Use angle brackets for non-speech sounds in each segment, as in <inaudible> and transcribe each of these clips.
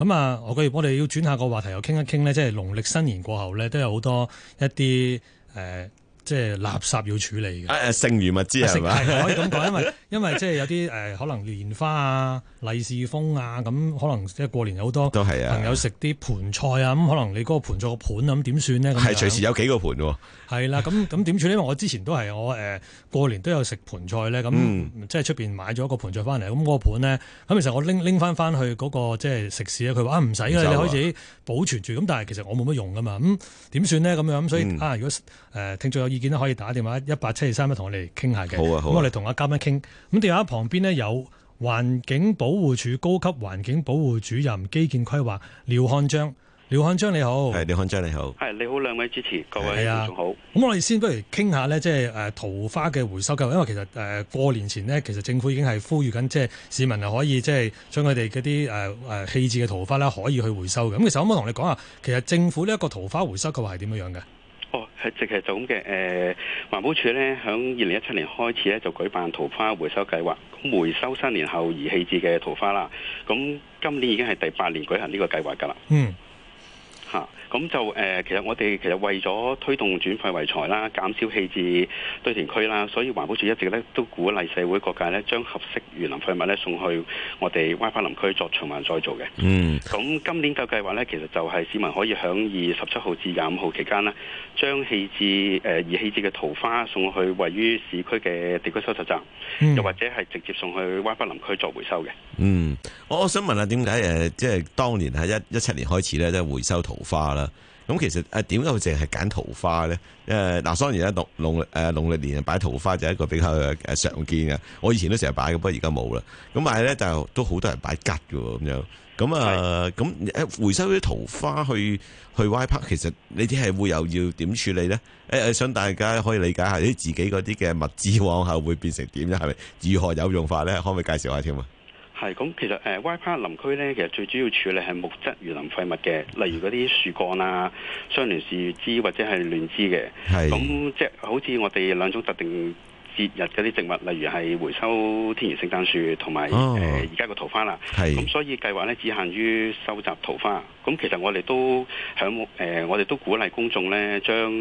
咁啊，我我哋要轉下個話題，又傾一傾咧，即係農曆新年過後咧，都有好多一啲誒。呃即係垃圾要處理嘅、啊啊，剩餘物資係嘛、啊？可以咁講， <laughs> 因為因為即係有啲誒、呃，可能蓮花啊、利是封啊，咁、嗯、可能即係過年有好多都係啊朋友食啲盆菜啊，咁、嗯、可能你嗰個盆菜個盤咁點、嗯、算呢？咧？係隨時有幾個盤喎、啊。係啦，咁咁點處理？因為我之前都係我誒、呃、過年都有食盆菜咧，咁、嗯、即係出邊買咗個盆菜翻嚟，咁嗰個盤咧，咁、嗯、其實我拎拎翻翻去嗰、那個即係食肆，咧，佢話啊唔使啦，你可以自己保存住。咁但係其實我冇乜用噶嘛，咁、嗯、點算呢？咁樣咁所以、嗯、啊，如果誒、呃、聽眾有意見都可以打電話一八七二三一同我哋傾下嘅。好啊，好啊。咁我哋同阿嘉賓傾。咁電話旁邊呢，有環境保護署高級環境保護主任基建規劃，廖翰章。廖翰章你好。係，廖翰章你好。係，你好，兩位支持各位，你好。咁、啊、我哋先不如傾下呢，即係誒桃花嘅回收計劃。因為其實誒、呃、過年前呢，其實政府已經係呼籲緊，即、就、係、是、市民係可以即係、就是、將佢哋嗰啲誒誒棄置嘅桃花啦，可以去回收嘅。咁其實可唔可以同你講下，其實政府呢一個桃花回收計劃係點樣樣嘅？哦，係直係就咁嘅。誒、呃，環保署咧響二零一七年開始咧就舉辦桃花回收計劃，回收新年後而棄置嘅桃花啦。咁今年已經係第八年舉行呢個計劃㗎啦。嗯。吓、嗯，咁就誒、呃，其實我哋其實為咗推動轉廢為材啦，減少棄置堆填區啦，所以環保署一直咧都鼓勵社會各界咧將合適園林廢物咧送去我哋 Y·PARK 林區作循環再造嘅。嗯，咁今年嘅計劃咧，其實就係市民可以響二十七號至廿五號期間呢，將棄置誒而棄置嘅桃花送去位於市區嘅地區收集站，嗯、又或者係直接送去 Y·PARK 林區作回收嘅。嗯，我想問下點解誒，即、就、係、是、當年喺一一七年開始咧，即、就、係、是、回收桃花。桃花啦，咁其實誒，點解佢淨係揀桃花咧？誒，嗱，當然啦，農農誒，農曆年人擺桃花就係一個比較常見嘅。我以前都成日擺嘅，不過而家冇啦。咁但係咧，就都好多人擺吉嘅咁樣。咁啊，咁回收啲桃花去去 Y·PARK 其實呢啲係會又要點處理咧？誒，想大家可以理解下啲自己嗰啲嘅物資往後會變成點咧？係咪如何有用法咧？可唔可以介紹下添啊？係，咁其實誒、呃，Ypark 林區咧，其實最主要處理係木質園林廢物嘅，例如嗰啲樹幹啊、相連樹枝或者係亂枝嘅。係，咁即係好似我哋兩種特定節日嗰啲植物，例如係回收天然聖誕樹同埋誒而家個桃花啦。係，咁所以計劃咧，只限於收集桃花。咁其實我哋都響誒、呃，我哋都鼓勵公眾咧，將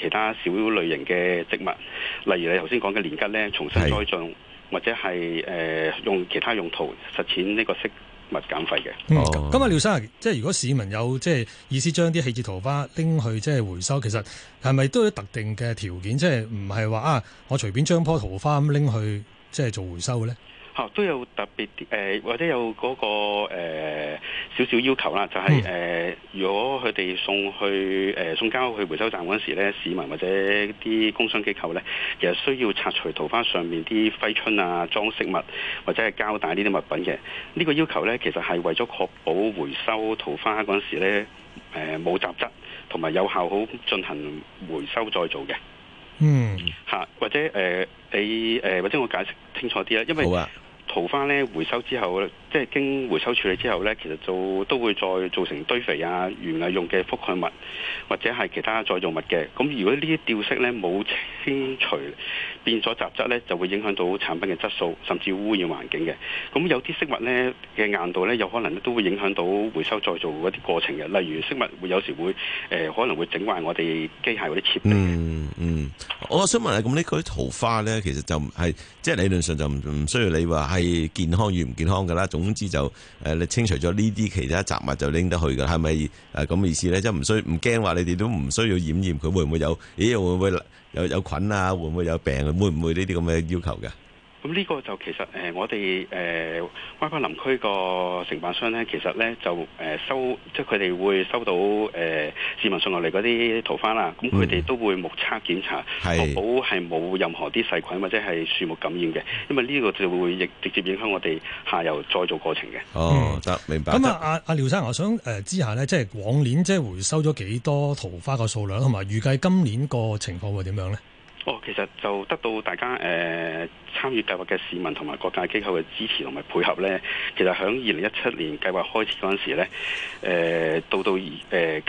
其他小類型嘅植物，例如你頭先講嘅年桔咧，重新栽種。或者係誒、呃、用其他用途實踐呢個惜物減廢嘅、哦。嗯，咁啊，廖生，即係如果市民有即係意思將啲棄置桃花拎去即係回收，其實係咪都有特定嘅條件？即係唔係話啊，我隨便將棵桃花咁拎去即係做回收咧？啊、都有特別啲誒、呃，或者有嗰、那個少少、呃、要求啦，就係、是、誒、呃，如果佢哋送去誒、呃、送交去回收站嗰陣時咧，市民或者啲工商機構咧，其實需要拆除桃花上面啲揮春啊、裝飾物或者係膠帶呢啲物品嘅。呢、這個要求咧，其實係為咗確保回收桃花嗰陣時咧，誒、呃、冇雜質，同埋有，有效好進行回收再造嘅。嗯、啊，嚇，或者誒、呃、你誒、呃、或者我解釋清楚啲啦，因為。桃花咧回收之後，即係經回收處理之後咧，其實做都會再造成堆肥啊、園藝用嘅覆蓋物，或者係其他再造物嘅。咁如果吊呢啲吊飾咧冇清除，變咗雜質咧，就會影響到產品嘅質素，甚至污染環境嘅。咁有啲飾物咧嘅硬度咧，有可能都會影響到回收再造嗰啲過程嘅。例如飾物會有時會誒、呃、可能會整壞我哋機械或者設備。嗯嗯，我想問下，咁呢啲桃花咧，其實就係即係理論上就唔唔需要你話。係健康與唔健康噶啦，總之就誒，你清除咗呢啲其他雜物就拎得去噶，係咪誒咁嘅意思咧？即係唔需唔驚話，你哋都唔需要檢驗佢會唔會有？咦，會唔會有有，有菌啊？會唔會有病啊？會唔會呢啲咁嘅要求㗎？咁呢個就其實誒、呃，我哋誒、呃、灣花林區個承辦商咧，其實咧就誒、呃、收，即係佢哋會收到誒、呃、市民送落嚟嗰啲桃花啦。咁佢哋都會目測檢查，確、嗯、保係冇任何啲細菌或者係樹木感染嘅，因為呢個就會影直接影響我哋下游再造過程嘅。哦，得明白。咁、嗯、啊，阿、啊、阿廖生，我想誒、呃、知下咧，即係往年即係回收咗幾多桃花個數量，同埋預計今年個情況會點樣咧？哦，其實就得到大家誒參與計劃嘅市民同埋各界機構嘅支持同埋配合呢，其實喺二零一七年計劃開始嗰陣時咧，誒、呃、到到誒舊、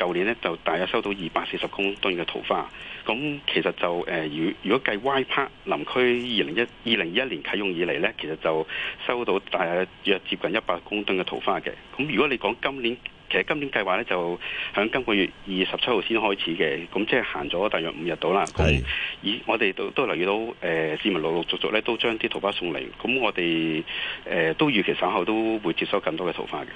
呃、年呢，就大約收到二百四十公噸嘅桃花，咁其實就誒如、呃、如果計 Y Park 林區二零一二零二一年啟用以嚟呢，其實就收到大約接近一百公噸嘅桃花嘅，咁如果你講今年。其實今年計劃咧就喺今個月二十七號先開始嘅，咁即係行咗大約五日到啦。咁而我哋都都留意到，誒、呃、市民陸陸續續咧，都將啲桃花送嚟，咁我哋誒、呃、都預期稍後都會接收更多嘅桃花嘅。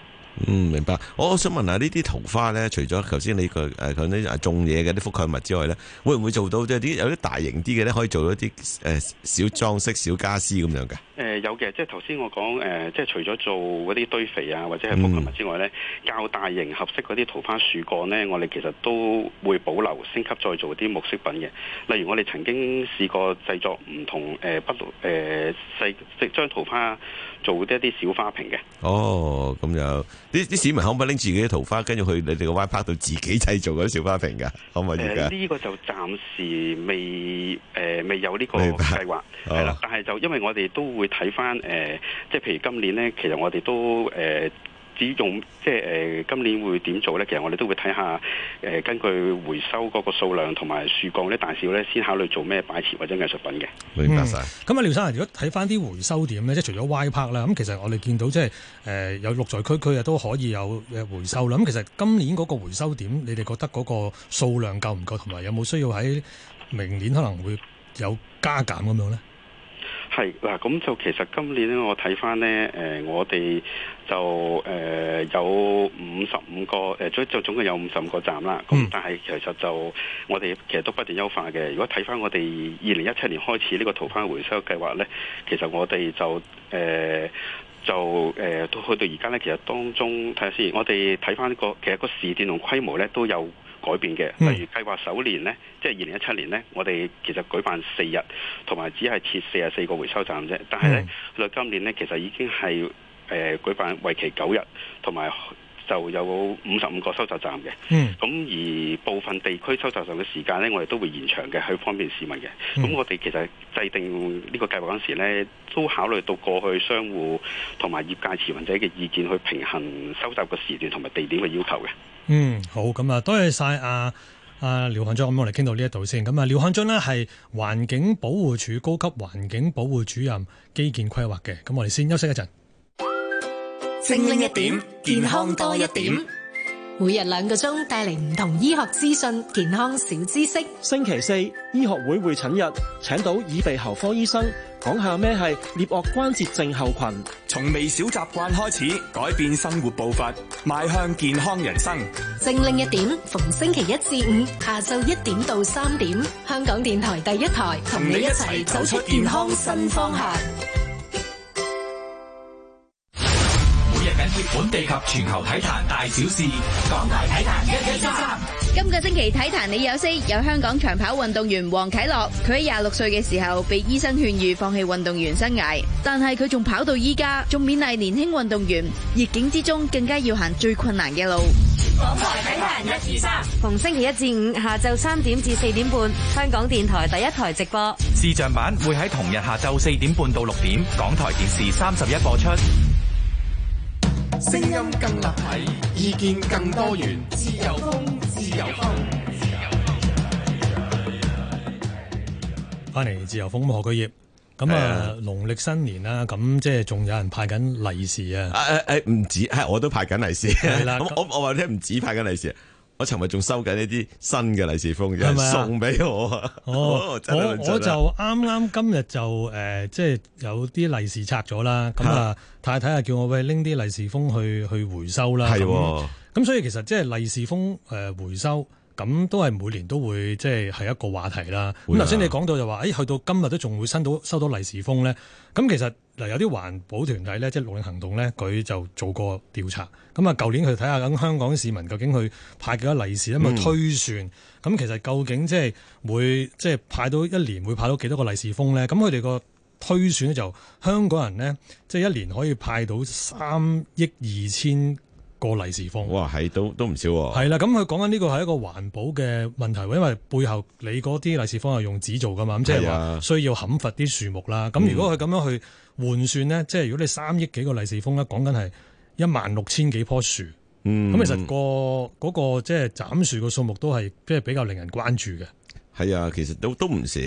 嗯，明白。我想問下呢啲桃花咧，除咗頭先你佢誒講呢種嘢嘅啲覆蓋物之外咧，會唔會做到即係啲有啲大型啲嘅咧，可以做到一啲誒小裝飾、小家私咁樣嘅？誒、呃，有嘅，即係頭先我講誒、呃，即係除咗做嗰啲堆肥啊或者係覆蓋物之外咧，較大型合適嗰啲桃花樹幹咧，我哋其實都會保留升級再做啲木飾品嘅。例如我哋曾經試過製作唔同誒不誒細即將桃花做一啲小花瓶嘅。哦，咁樣。啲啲市民可唔可以拎住自己嘅桃花，跟住去你哋嘅 WiFi 度自己製造嗰啲小花瓶噶？可唔可以呢？呃呢個就暫時未誒、呃，未有呢個計劃，係啦、哦，但係就因為我哋都會睇翻誒，即、呃、係譬如今年咧，其實我哋都誒。呃只用即係即係誒，今年會點做咧？其實我哋都會睇下誒，根據回收嗰個數量同埋樹幹，咧大小咧，先考慮做咩擺設或者藝術品嘅。明白晒。咁啊，廖生啊，如果睇翻啲回收點咧，即係除咗 Ypark 啦，咁其實我哋見到即係誒有六在區區啊都可以有誒回收啦。咁其實今年嗰個回收點，你哋覺得嗰個數量夠唔夠？同埋有冇需要喺明年可能會有加減咁樣咧？係嗱，咁就其實今年咧、呃，我睇翻咧，誒、呃，我哋就誒有五十五個，誒、呃，總就總共有五十五個站啦。咁但係其實就我哋其實都不斷優化嘅。如果睇翻我哋二零一七年開始呢個桃花回收計劃咧，其實我哋就誒、呃、就誒、呃、到去到而家咧，其實當中睇下先，我哋睇翻呢個其實個時段同規模咧都有改變嘅，例如計劃首年呢，即係二零一七年呢，我哋其實舉辦四日，同埋只係設四十四個回收站啫。但係咧，喺、嗯、今年呢，其實已經係誒、呃、舉辦為期九日，同埋就有五十五個收集站嘅。嗯，咁而部分地區收集站嘅時間呢，我哋都會延長嘅，去方便市民嘅。咁、嗯、我哋其實制定呢個計劃嗰陣時咧，都考慮到過去商戶同埋業界持份者嘅意見，去平衡收集嘅時段同埋地點嘅要求嘅。嗯，好，咁啊，多謝晒啊。阿廖翰章，咁我哋傾到呢一度先。咁啊，廖翰章呢，係環境保護署高級環境保護主任、基建規劃嘅。咁我哋先休息一陣，精靈一點，健康多一點。每日兩個鐘帶嚟唔同醫學資訊、健康小知識。星期四醫學會會診日，請到耳鼻喉科醫生講下咩係顳顎關節症候群。從微小習慣開始，改變生活步伐，邁向健康人生。精靈一點，逢星期一至五下晝一點到三點，香港電台第一台同你一齊走出健康新方向。地及全球體壇大小事，港台體壇一、二、三。今個星期體壇你有事？有香港長跑運動員黃啟樂，佢喺廿六歲嘅時候被醫生勸喻放棄運動員生涯，但係佢仲跑到依家，仲勉勵年輕運動員。逆境之中更加要行最困難嘅路。港台體壇一、二、三。逢星期一至五下晝三點至四點半，香港電台第一台直播。視像版會喺同日下晝四點半到六點，港台電視三十一播出。聲音更立體，意見更多元，自由風，自由風，回來自由風。翻嚟自由風，學居業。咁啊、嗯，農曆新年啦、啊，咁即係仲有人派緊利是啊！誒誒唔止係我都派緊利是。係啦，咁我我話你聽唔止派緊利是。我尋日仲收緊呢啲新嘅利是封，係咪？送俾我、哦啊、我。我我我就啱啱今日就即係，呃就是，有啲利是拆咗啦。咁啊太太啊，看看叫我喂拎啲利是封去去回收啦。係喎，哦，咁所以其實即係利是封，呃、回收。咁都係每年都會即係係一個話題啦。咁頭先你講到就話，去到今日都仲會到收到利是封咧。咁其實嗱有啲環保團體咧，即綠領行動咧，佢就做過調查。咁啊，舊年佢睇下咁香港市民究竟去派幾多利是，咁、嗯、啊推算。咁其實究竟每即係會即係派到一年會派到幾多個利是封咧？咁佢哋個推算咧就是、香港人咧，即係一年可以派到三億二千。個利是封，哇係，都都唔少喎、啊。係啦，咁佢講緊呢個係一個環保嘅問題，因為背後你嗰啲利是封係用紙做噶嘛，咁即係話需要砍伐啲樹木啦。咁、嗯、如果佢咁樣去換算咧，即係如果你三億幾個利是封咧，講緊係一萬六千幾棵樹，咁、嗯、其實、個嗰、個即係斬樹嘅數目都係即係比較令人關注嘅。係啊，其實都都唔少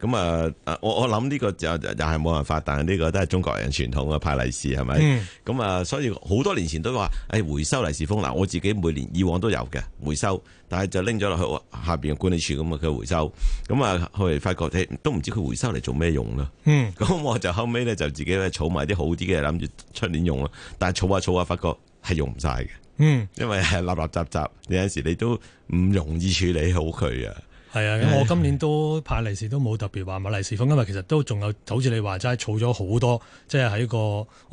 咁啊。我我諗呢個又又係冇辦法，但係呢個都係中國人傳統嘅派利是，係咪？咁、嗯、啊、嗯，所以好多年前都話，誒、哎，回收利是封嗱，我自己每年以往都有嘅回收，但係就拎咗落去下邊嘅管理處咁啊，佢回收咁啊，後嚟發覺、欸、都唔知佢回收嚟做咩用啦。咁、嗯嗯、我就後尾咧就自己咧儲埋啲好啲嘅，諗住出年用咯。但係儲下儲下，發覺係用唔晒嘅。嗯，因為係垃垃雜雜，有陣時你都唔容易處理好佢啊。係啊，咁我今年都派利是都冇特別話買利是封，因為其實都仲有好似你話齋，儲咗好多，即係喺個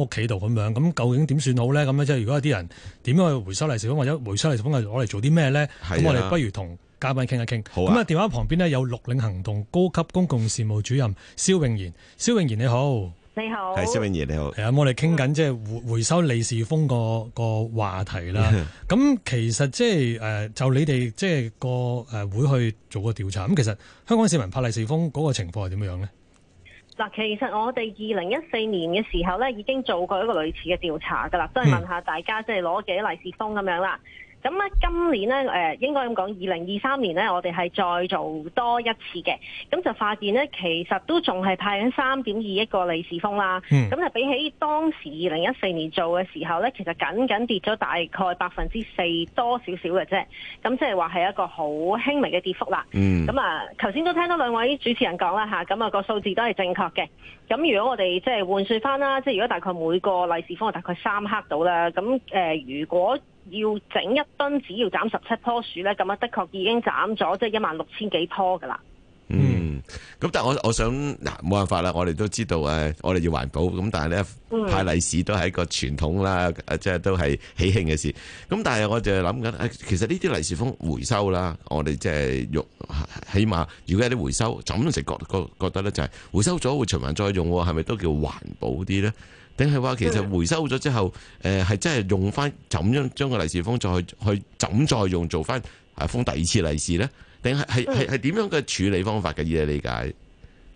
屋企度咁樣。咁究竟點算好咧？咁咧即係如果有啲人點樣去回收利是封，或者回收利是封、啊、係攞嚟做啲咩咧？咁我哋不如同嘉賓傾一傾。好咁啊，電話旁邊呢，有綠領行動高級公共事務主任蕭頴妍，蕭頴妍你好。你好，係蕭頴妍你好，係啊、嗯，我哋傾緊即係回回收利是封個個話題啦。咁 <laughs> 其實即係誒，就你哋即係個誒會去做個調查。咁、嗯、其實香港市民派利是封嗰個情況係點樣咧？嗱，其實我哋二零一四年嘅時候咧，已經做過一個類似嘅調查噶啦，都係問下大家即係攞幾多利是封咁樣啦。咁今年咧，誒、呃、應該咁講，二零二三年咧，我哋係再做多一次嘅，咁就發現咧，其實都仲係派緊三點二億個利是封啦。咁、嗯、就比起當時二零一四年做嘅時候咧，其實僅僅跌咗大概百分之四多少少嘅啫。咁即係話係一個好輕微嘅跌幅啦。咁、嗯、啊，頭先都聽到兩位主持人講啦嚇，咁啊、個數字都係正確嘅。咁如果我哋即係換算返啦，即係如果大概每個利是封係大概三克到啦，咁誒、呃、如果要整一噸，只要斬十七棵樹咧，咁啊，的確已經斬咗即係一萬六千幾棵噶啦。嗯，咁但係我我想嗱，冇辦法啦，我哋都知道誒，我哋要環保，咁但係咧，派利是都係一個傳統啦，即係都係喜慶嘅事。咁但係我就諗緊，其實呢啲利是封回收啦，我哋即係用，起碼如果有啲回收，就我成覺覺覺得咧，就係回收咗會循環再用，係咪都叫環保啲咧？定係話其實回收咗之後，誒、呃、係真係用翻就咁樣將個利是封再去去就再用做翻誒、啊、封第二次利是咧，定係係係係點樣嘅處理方法嘅嘢理解？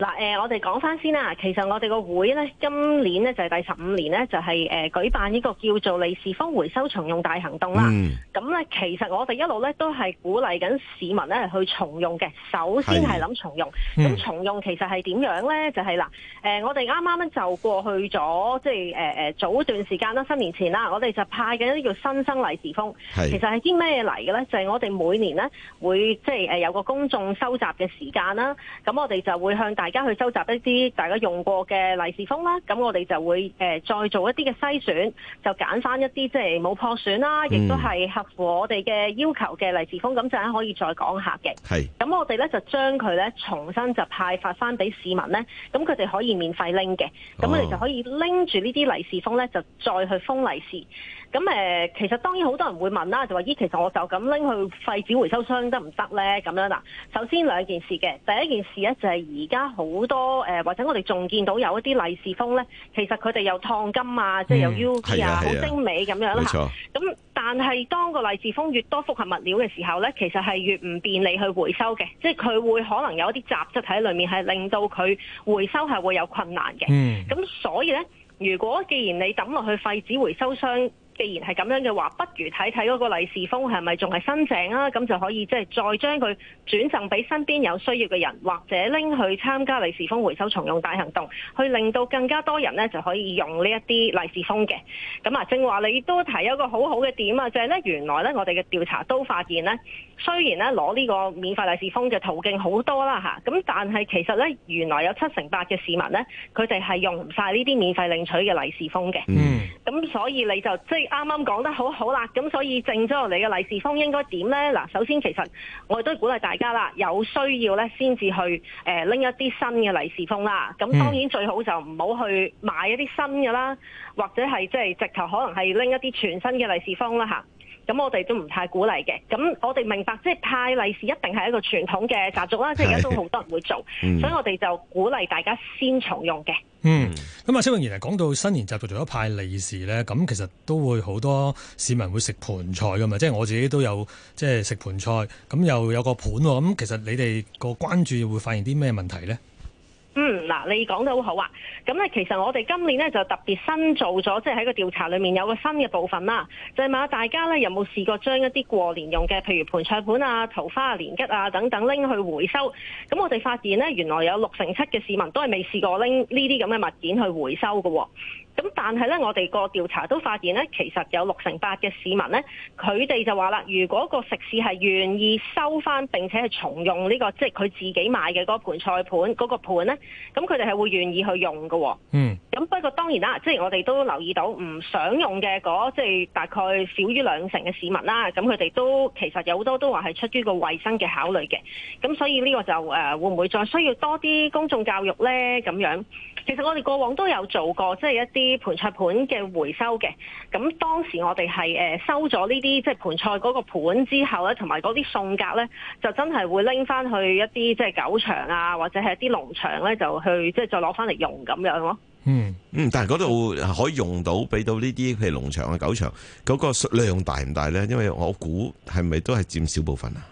嗱、呃、我哋講翻先啦。其實我哋個會咧，今年咧就係第十五年咧，就係、是、誒、就是呃、舉辦呢個叫做利是封回收重用大行動啦。咁、嗯、咧，其實我哋一路咧都係鼓勵緊市民咧去重用嘅。首先係諗重用，咁、嗯、重用其實係點樣咧？就係嗱誒，我哋啱啱就過去咗，即係誒早段時間啦，新年前啦，我哋就派緊一啲叫新生利是封。其實係啲咩嚟嘅咧？就係、是、我哋每年咧會即係、就是呃、有個公眾收集嘅時間啦。咁我哋就會向大家而家去收集一啲大家用過嘅利是封啦，咁我哋就會誒、呃、再做一啲嘅篩選，就揀翻一啲即係冇破損啦，亦都係合乎我哋嘅要求嘅利是封，咁就可以再講下嘅。係，咁我哋咧就將佢咧重新就派發翻俾市民咧，咁佢哋可以免費拎嘅，咁我哋就可以拎住呢啲利是封咧就再去封利是。咁、嗯、誒，其實當然好多人會問啦，就話「咦，其實我就咁拎去廢紙回收箱得唔得呢？」咁樣嗱，首先兩件事嘅，第一件事呢，就係而家好多誒，或者我哋仲見到有一啲利是封呢，其實佢哋有燙金啊，即係有 U P 啊，好、嗯啊、精美咁樣啦。咁、啊啊、但係當個利是封越多複合物料嘅時候呢，其實係越唔便利去回收嘅，即係佢會可能有一啲雜質喺裏面，係令到佢回收係會有困難嘅。咁、嗯、所以呢，如果既然你抌落去廢紙回收箱，既然係咁樣嘅話，不如睇睇嗰個利是封係咪仲係新淨啊？咁就可以即係再將佢轉贈俾身邊有需要嘅人，或者拎去參加利是封回收重用大行動，去令到更加多人咧就可以用呢一啲利是封嘅。咁啊，正話你都提一個好好嘅點啊，就係咧，原來咧我哋嘅調查都發現咧，雖然咧攞呢個免費利是封嘅途徑好多啦吓，咁但係其實咧原來有七成八嘅市民咧，佢哋係用唔晒呢啲免費領取嘅利是封嘅。嗯。咁所以你就即啱啱講得好好啦，咁所以剩咗落嚟嘅利是封應該點呢？嗱，首先其實我亦都鼓勵大家啦，有需要呢先至去呃、拎、一啲新嘅利是封啦。咁當然最好就唔好去買一啲新嘅啦，或者係即係直頭可能係拎一啲全新嘅利是封啦吓。咁我哋都唔太鼓勵嘅。咁我哋明白，即係派利是一定係一個傳統嘅習俗啦。即係而家都好多人會做，嗯、所以我哋就鼓勵大家先重用嘅。嗯。咁、嗯、啊，蕭頴妍嚟講到新年習俗除咗派利是咧，咁其實都會好多市民會食盤菜噶嘛。即、就、係、是、我自己都有即係食盤菜，咁又有個盤喎。咁其實你哋個關注會發現啲咩問題咧？嗯，嗱，你講得好好啊。咁咧，其實我哋今年咧就特別新做咗，即係喺個調查裏面有個新嘅部分啦，就係，問下大家咧有冇試過將一啲過年用嘅，譬如盤菜、盤啊、桃花、啊、年桔啊等等，拎去回收。咁我哋發現咧，原來有六成七嘅市民都係未試過拎呢啲咁嘅物件去回收嘅。咁但係咧，我哋個調查都發現咧，其實有六成八嘅市民咧，佢哋就話啦，如果個食肆係願意收返並且係重用呢個即係佢自己買嘅嗰盤菜盤嗰個盤咧，咁佢哋係會願意去用嘅，哦。嗯。咁不過當然啦，即係我哋都留意到唔想用嘅嗰即係大概少於兩成嘅市民啦。咁佢哋都其實有好多都話係出於個衛生嘅考慮嘅。咁所以呢個就誒、呃、會唔會再需要多啲公眾教育咧？咁樣其實我哋過往都有做過，即係一啲。啲盆菜盤嘅回收嘅，咁當時我哋係誒收咗呢啲即係盆菜嗰個盤之後咧，同埋嗰啲送格咧，就真係會拎翻去一啲即係狗場啊，或者係啲農場咧，就去即係再攞翻嚟用咁樣咯。嗯嗯，但係嗰度可以用到俾到呢啲係農場嘅狗場嗰個量大唔大咧？因為我估係咪都係佔少部分啊。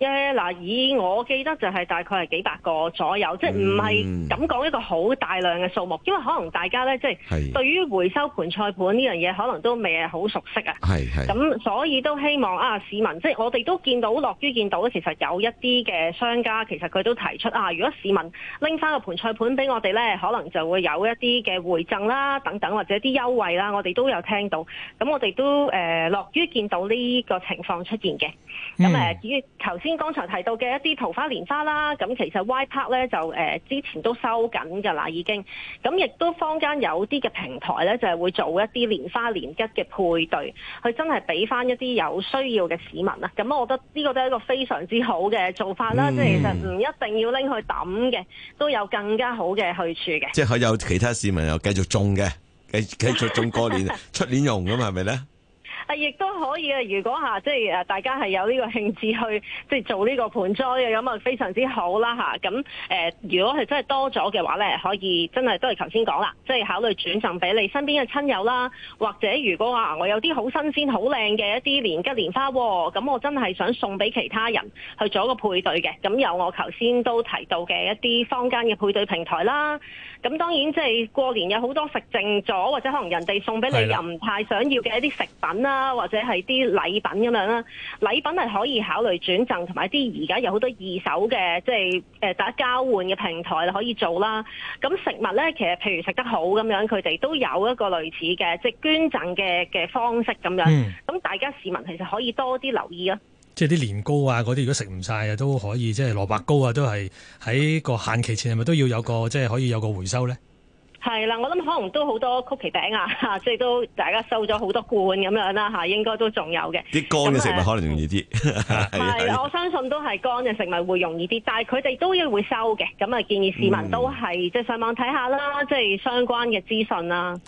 Yeah, 以我記得就係大概係幾百個左右，嗯、即係唔係咁講一個好大量嘅數目，因為可能大家咧即係對於回收盤菜盤呢樣嘢可能都未係好熟悉啊。係咁，所以都希望啊市民，即係我哋都見到樂於見到，其實有一啲嘅商家其實佢都提出啊，如果市民拎翻個盤菜盤俾我哋咧，可能就會有一啲嘅回贈啦等等，或者啲優惠啦，我哋都有聽到。咁我哋都誒樂於見到呢個情況出現嘅。咁、嗯、誒，至於頭先剛才提嚟到嘅一啲桃花，蓮花、蓮花啦，咁其實 YPark 咧就誒之前都收緊㗎喇，已經。咁亦都坊間有啲嘅平台咧，就係會做一啲蓮花、蓮吉嘅配對，去真係俾翻一啲有需要嘅市民啦。咁我覺得呢個都係一個非常之好嘅做法啦、嗯，即係其實唔一定要拎去抌嘅，都有更加好嘅去處嘅。即係有其他市民又繼續種嘅，繼繼續種過年、出 <laughs> 年用咁係咪咧？是亦都可以啊。如果嚇，即係誒，大家係有呢個興致去即係做呢個盆栽啊，咁啊非常之好啦嚇。咁誒，如果係真係多咗嘅話咧，可以真係都係頭先講啦，即係考慮轉贈俾你身邊嘅親友啦。或者如果話，我有啲好新鮮、好靚嘅一啲年桔年花，咁我真係想送俾其他人去做一個配對嘅。咁有我頭先都提到嘅一啲坊間嘅配對平台啦。咁當然即係過年有好多食剩咗，或者可能人哋送俾你又唔太想要嘅一啲食品啦，或者係啲禮品咁樣啦。禮品係可以考慮轉贈，同埋一啲而家有好多二手嘅即係大家交換嘅平台可以做啦。咁食物咧，其實譬如食得好咁樣，佢哋都有一個類似嘅即捐贈嘅嘅方式咁樣。咁大家市民其實可以多啲留意啊。即係啲年糕啊，嗰啲如果食唔晒啊，都可以即係蘿蔔糕啊，都係喺個限期前係咪都要有個即係可以有個回收咧？係啦，我諗可能都好多曲奇餅啊，即係都大家收咗好多罐咁樣啦，嚇應該都仲有嘅。啲乾嘅食物可能容易啲。係，我相信都係乾嘅食物會容易啲，但係佢哋都應該會收嘅。咁啊，建議市民都係、嗯、即係上網睇下啦，即係相關嘅資訊啦、啊。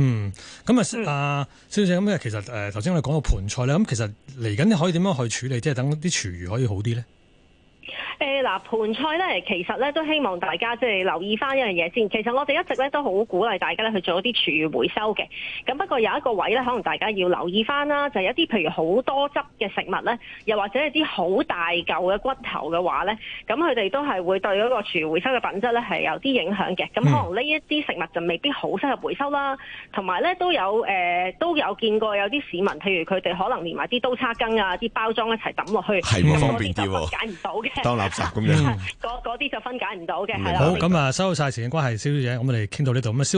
嗯，咁啊，啊，蕭小姐咁啊，其實誒頭先我哋講到盆菜咧，咁其實嚟緊你可以點樣去處理，即係等啲廚餘可以好啲咧？誒、呃，嗱，盤菜咧，其實咧都希望大家即係留意翻一樣嘢先。其實我哋一直咧都好鼓勵大家咧去做一啲廚餘回收嘅。咁不過有一個位咧，可能大家要留意翻啦，就係、是、一啲譬如好多汁嘅食物咧，又或者係啲好大嚿嘅骨頭嘅話咧，咁佢哋都係會對嗰個廚餘回收嘅品質咧係有啲影響嘅。咁可能呢一啲食物就未必好適合回收啦。同埋咧都有誒、呃、都有見過有啲市民，譬如佢哋可能連埋啲刀叉羹啊、啲包裝一齊抌落去，係唔方便啲揀唔到嘅。當垃圾咁樣，嗰啲就分解唔到嘅。好咁啊，收到晒，時間關係，蕭小，小姐，我哋傾到呢度咁